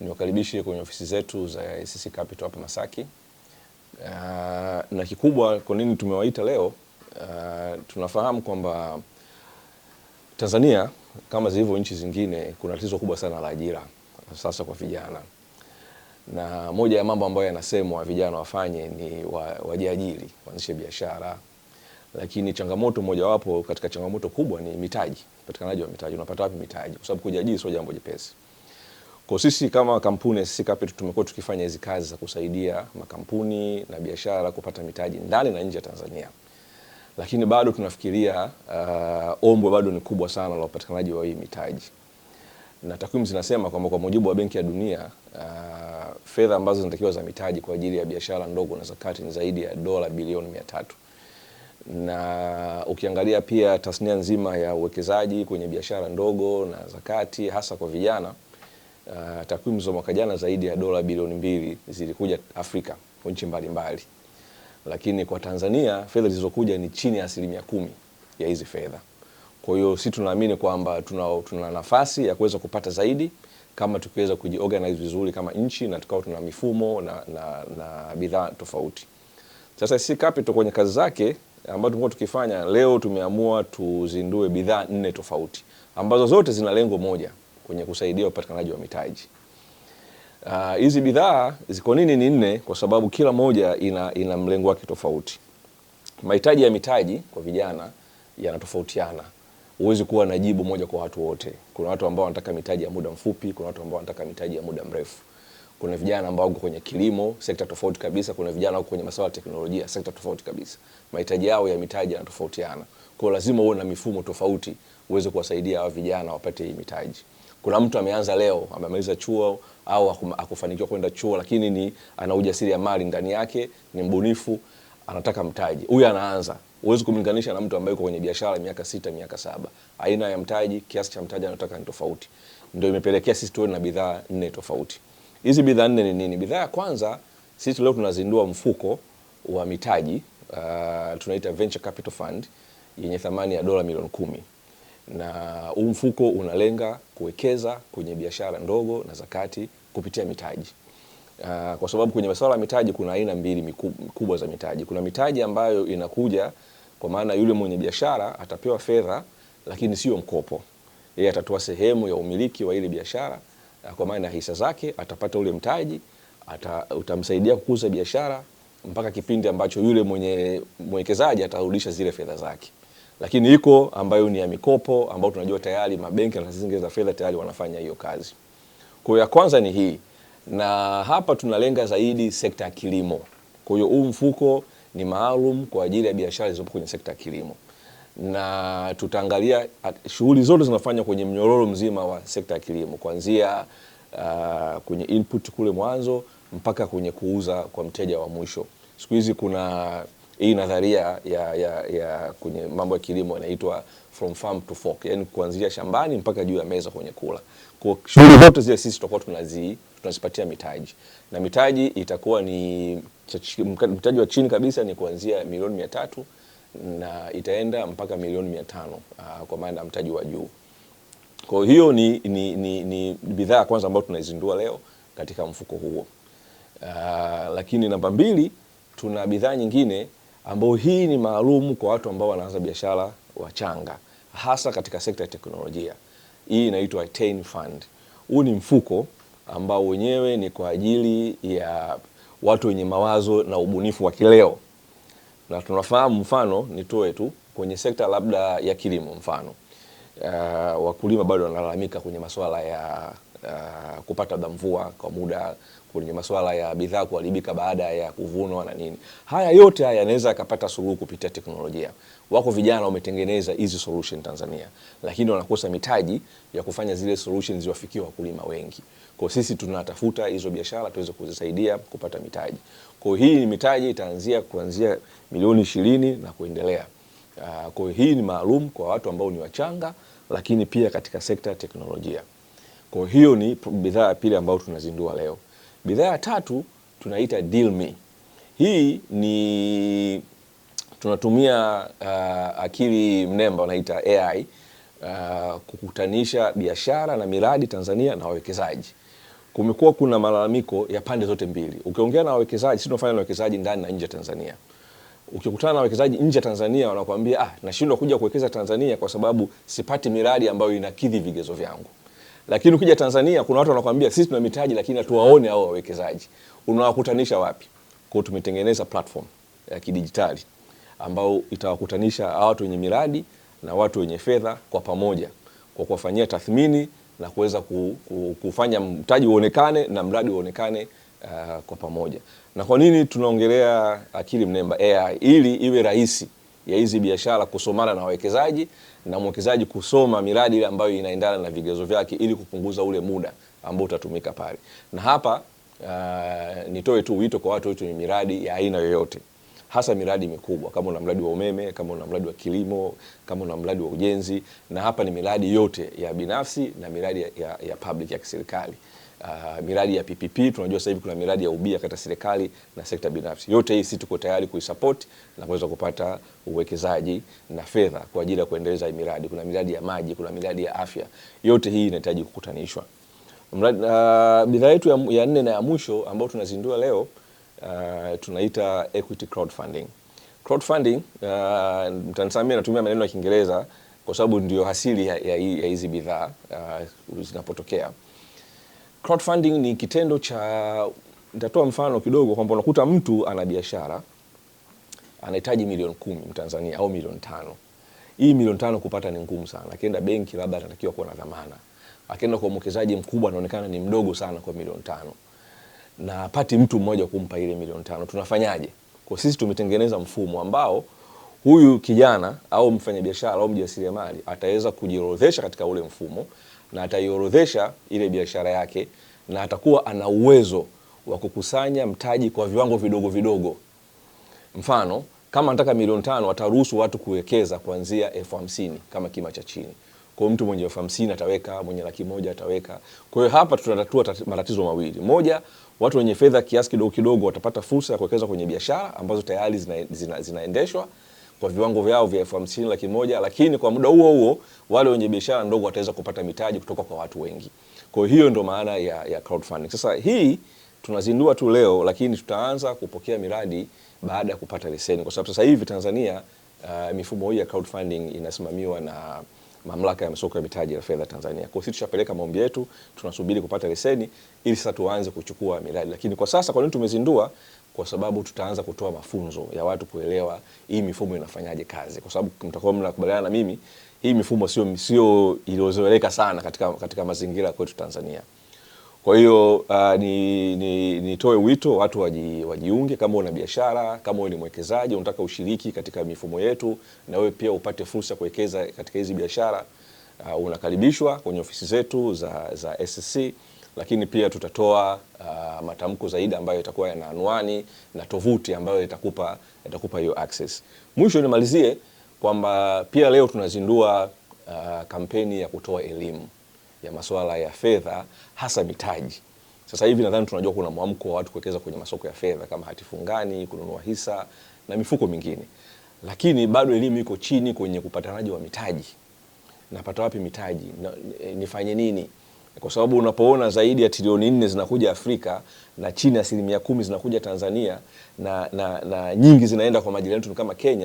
niwakaribishe kwenye ofisi zetu za ICC Capital hapa Masaki. Uh, na kikubwa kwa nini tumewaita leo, uh, tunafahamu kwamba Tanzania kama zilivyo nchi zingine kuna tatizo kubwa sana la ajira sasa kwa vijana, na moja ya mambo ambayo yanasemwa vijana wafanye ni wajiajiri, waanzishe biashara, lakini changamoto mojawapo katika changamoto kubwa ni mitaji, upatikanaji wa mitaji. Unapata wapi mitaji? Kwa sababu kujiajiri sio jambo jepesi. Kwa sisi kama kampuni SCCAP tumekuwa tukifanya hizi kazi za kusaidia makampuni na biashara kupata mitaji ndani na nje ya Tanzania, lakini bado tunafikiria uh, ombwe bado ni kubwa sana la upatikanaji wa hii mitaji, na takwimu zinasema kwamba kwa mujibu wa Benki ya Dunia uh, fedha ambazo zinatakiwa za mitaji kwa ajili ya biashara ndogo na zakati ni zaidi ya dola bilioni mia tatu na ukiangalia pia tasnia nzima ya uwekezaji kwenye biashara ndogo na zakati hasa kwa vijana uh, takwimu za mwaka jana zaidi ya dola bilioni mbili zilikuja Afrika kwa nchi mbalimbali, lakini kwa Tanzania fedha zilizokuja ni chini ya asilimia kumi ya hizi fedha. Kwa hiyo si tunaamini kwamba tuna, tuna nafasi ya kuweza kupata zaidi kama tukiweza kujiorganize vizuri kama nchi na tukawa tuna mifumo na, na, na bidhaa tofauti. Sasa si capital kwenye kazi zake ambayo tumekuwa tukifanya, leo tumeamua tuzindue bidhaa nne tofauti ambazo zote zina lengo moja kwenye kusaidia upatikanaji wa mitaji. Ah, hizi uh, bidhaa ziko nini ni nne, kwa sababu kila moja ina, ina mlengo wake tofauti. Mahitaji ya mitaji kwa vijana yanatofautiana, huwezi kuwa na jibu moja kwa watu wote. Kuna watu ambao wanataka mitaji ya muda mfupi, kuna watu ambao wanataka mitaji ya muda mrefu kuna vijana ambao wako kwenye kilimo sekta tofauti kabisa, kuna vijana wako kwenye masuala ya teknolojia sekta tofauti kabisa. Mahitaji yao ya mitaji yanatofautiana, kwa lazima uwe na mifumo tofauti uweze kuwasaidia hawa vijana wapate hii mitaji. Kuna mtu ameanza leo, amemaliza chuo au akufanikiwa kwenda chuo, lakini ni ana ujasiriamali ndani yake, ni mbunifu, anataka mtaji. Huyu anaanza, huwezi kumlinganisha na mtu ambaye yuko kwenye biashara miaka sita, miaka saba. Aina ya mtaji, kiasi cha mtaji anataka ni tofauti, ndio imepelekea sisi tuwe na bidhaa nne tofauti. Hizi bidhaa nne ni nini? Bidhaa ya kwanza, sisi leo tunazindua mfuko wa mitaji uh, tunaita venture capital fund yenye thamani ya dola milioni kumi na huu mfuko unalenga kuwekeza kwenye biashara ndogo na za kati kupitia mitaji. Uh, kwa sababu kwenye masuala ya mitaji kuna aina mbili kubwa za mitaji. Kuna mitaji ambayo inakuja kwa maana yule mwenye biashara atapewa fedha, lakini sio mkopo. Yeye atatoa sehemu ya umiliki wa ile biashara, ah, kwa maana hisa zake, atapata ule mtaji ata, utamsaidia kukuza biashara mpaka kipindi ambacho yule mwenye mwekezaji atarudisha zile fedha zake lakini iko ambayo ni ya mikopo ambayo tunajua tayari mabenki na taasisi za fedha tayari wanafanya hiyo kazi. Kwa ya kwanza ni hii, na hapa tunalenga zaidi sekta ya kilimo. Kwa hiyo huu mfuko ni maalum kwa ajili ya biashara zilizopo kwenye sekta ya kilimo, na tutaangalia shughuli zote zinafanywa kwenye mnyororo mzima wa sekta ya kilimo kuanzia uh, kwenye input kule mwanzo mpaka kwenye kuuza kwa mteja wa mwisho. Siku hizi kuna hii nadharia ya, ya, ya kwenye mambo ya kilimo inaitwa from farm to fork, yani kuanzia shambani mpaka juu ya meza kwenye kula. Kwa shughuli zote zile sisi tutakuwa tunazi tunazipatia mitaji na mitaji itakuwa ni mtaji wa chini kabisa ni kuanzia milioni mia tatu na itaenda mpaka milioni mia tano uh, kwa maana ya mtaji wa juu. Kwa hiyo ni, ni, ni, ni bidhaa ya kwanza ambayo tunaizindua leo katika mfuko huo. Uh, lakini namba mbili tuna bidhaa nyingine ambao hii ni maalum kwa watu ambao wanaanza biashara wachanga, hasa katika sekta ya teknolojia. Hii inaitwa Ten Fund. Huu ni mfuko ambao wenyewe ni kwa ajili ya watu wenye mawazo na ubunifu wa kileo, na tunafahamu, mfano nitoe tu kwenye sekta labda ya kilimo, mfano uh, wakulima bado wanalalamika kwenye masuala ya uh, kupata labda mvua kwa muda, kwenye masuala ya bidhaa kuharibika baada ya kuvunwa na nini. Haya yote haya yanaweza yakapata suluhu kupitia teknolojia. Wako vijana wametengeneza hizi solution Tanzania, lakini wanakosa mitaji ya kufanya zile solution ziwafikie wakulima wengi. Kwa sisi tunatafuta hizo biashara tuweze kuzisaidia kupata mitaji. Kwa hii mitaji itaanzia kuanzia milioni ishirini na kuendelea. Uh, kwa hii ni maalum kwa watu ambao ni wachanga, lakini pia katika sekta ya teknolojia. Kwa hiyo ni bidhaa ya pili ambayo tunazindua leo. Bidhaa ya tatu tunaita Deal Me. Hii ni tunatumia uh, akili mnemba wanaita AI uh, kukutanisha biashara na miradi Tanzania na wawekezaji. Kumekuwa kuna malalamiko ya pande zote mbili. Ukiongea na wawekezaji, sisi tunafanya na wawekezaji ndani na nje ya Tanzania. Ukikutana na wawekezaji nje ya Tanzania wanakuambia, ah, nashindwa kuja kuwekeza Tanzania kwa sababu sipati miradi ambayo inakidhi vigezo vyangu. Lakini ukija Tanzania kuna watu wanakuambia sisi tuna mitaji lakini hatuwaone hao wawekezaji. Unawakutanisha wapi? Kwa tumetengeneza platform ya kidijitali ambao itawakutanisha watu wenye miradi na watu wenye fedha kwa pamoja kwa kuwafanyia tathmini na kuweza kufanya mtaji uonekane na mradi uonekane uh, kwa pamoja. Na kwa nini tunaongelea akili mnemba AI ili iwe rahisi ya hizi biashara kusomana na wawekezaji na mwekezaji kusoma miradi ile ambayo inaendana na vigezo vyake ili kupunguza ule muda ambao utatumika pale. Na hapa uh, nitoe tu wito kwa watu wote ni miradi ya aina yoyote, hasa miradi mikubwa. Kama una mradi wa umeme, kama una mradi wa kilimo, kama una mradi wa ujenzi, na hapa ni miradi yote ya binafsi na miradi ya, ya, ya public ya kiserikali uh, miradi ya PPP. Tunajua sasa hivi kuna miradi ya ubia kati ya serikali na sekta binafsi. Yote hii sisi tuko tayari kuisupport na kuweza kupata uwekezaji na fedha kwa ajili ya kuendeleza miradi. Kuna miradi ya maji, kuna miradi ya afya, yote hii inahitaji kukutanishwa. Uh, bidhaa yetu ya, ya nne na ya mwisho ambayo tunazindua leo uh, tunaita equity crowdfunding. Crowdfunding uh, mtanisamia natumia maneno ya Kiingereza kwa sababu ndio hasili ya hizi bidhaa uh, zinapotokea crowdfunding ni kitendo cha, nitatoa mfano kidogo kwamba unakuta mtu ana biashara anahitaji milioni kumi Mtanzania au milioni tano. Hii milioni tano kupata ni ngumu sana. Akienda benki labda anatakiwa kuwa na dhamana, akienda kwa mwekezaji mkubwa anaonekana ni mdogo sana kwa milioni tano, na apati mtu mmoja kumpa ile milioni tano. Tunafanyaje? Kwa sisi tumetengeneza mfumo ambao huyu kijana au mfanyabiashara au mjasiriamali ataweza kujiorodhesha katika ule mfumo na ataiorodhesha ile biashara yake na atakuwa ana uwezo wa kukusanya mtaji kwa viwango vidogo vidogo. Mfano, kama anataka milioni tano ataruhusu watu kuwekeza kuanzia elfu hamsini kama kima cha chini. Kwa mtu mwenye elfu hamsini ataweka, mwenye laki moja ataweka. Kwa hiyo hapa tunatatua matatizo mawili. Moja, watu wenye fedha kiasi kidogo kidogo watapata fursa ya kuwekeza kwenye biashara ambazo tayari zinaendeshwa zina kwa viwango vyao vya elfu hamsini laki moja, lakini kwa muda huo huo wale wenye biashara ndogo wataweza kupata mitaji kutoka kwa watu wengi. Kwa hiyo ndio maana ya, ya crowdfunding. Sasa hii tunazindua tu leo, lakini tutaanza kupokea miradi baada ya kupata leseni, kwa sababu sasa hivi Tanzania uh, mifumo hii ya crowdfunding inasimamiwa na Mamlaka ya Masoko ya Mitaji ya Fedha Tanzania. Kwa hiyo sisi tushapeleka maombi yetu, tunasubiri kupata leseni ili sasa tuanze kuchukua miradi. Lakini kwa sasa, kwa nini tumezindua? kwa sababu tutaanza kutoa mafunzo ya watu kuelewa hii mifumo inafanyaje kazi, kwa sababu mtakuwa mnakubaliana na mimi, hii mifumo sio sio iliyozoeleka sana katika, katika mazingira kwetu Tanzania. Kwa hiyo uh, ni, ni, nitoe wito watu waji, wajiunge. Kama una biashara, kama wewe ni mwekezaji, unataka ushiriki katika mifumo yetu na wewe pia upate fursa kuwekeza katika hizi biashara uh, unakaribishwa kwenye ofisi zetu za, za SSC lakini pia tutatoa uh, matamko zaidi ambayo itakuwa yana anwani na tovuti ambayo itakupa itakupa hiyo access. Mwisho nimalizie kwamba pia leo tunazindua uh, kampeni ya kutoa elimu ya masuala ya fedha hasa mitaji. Sasa hivi nadhani tunajua kuna mwamko wa watu kuwekeza kwenye masoko ya fedha kama hatifungani, kununua hisa na mifuko mingine, lakini bado elimu iko chini kwenye upatanaji wa mitaji. Napata wapi mitaji? E, nifanye nini? kwa sababu unapoona zaidi ya trilioni nne zinakuja Afrika na chini ya asilimia kumi zinakuja Tanzania na, na, na nyingi zinaenda kwa majirani yetu kama Kenya,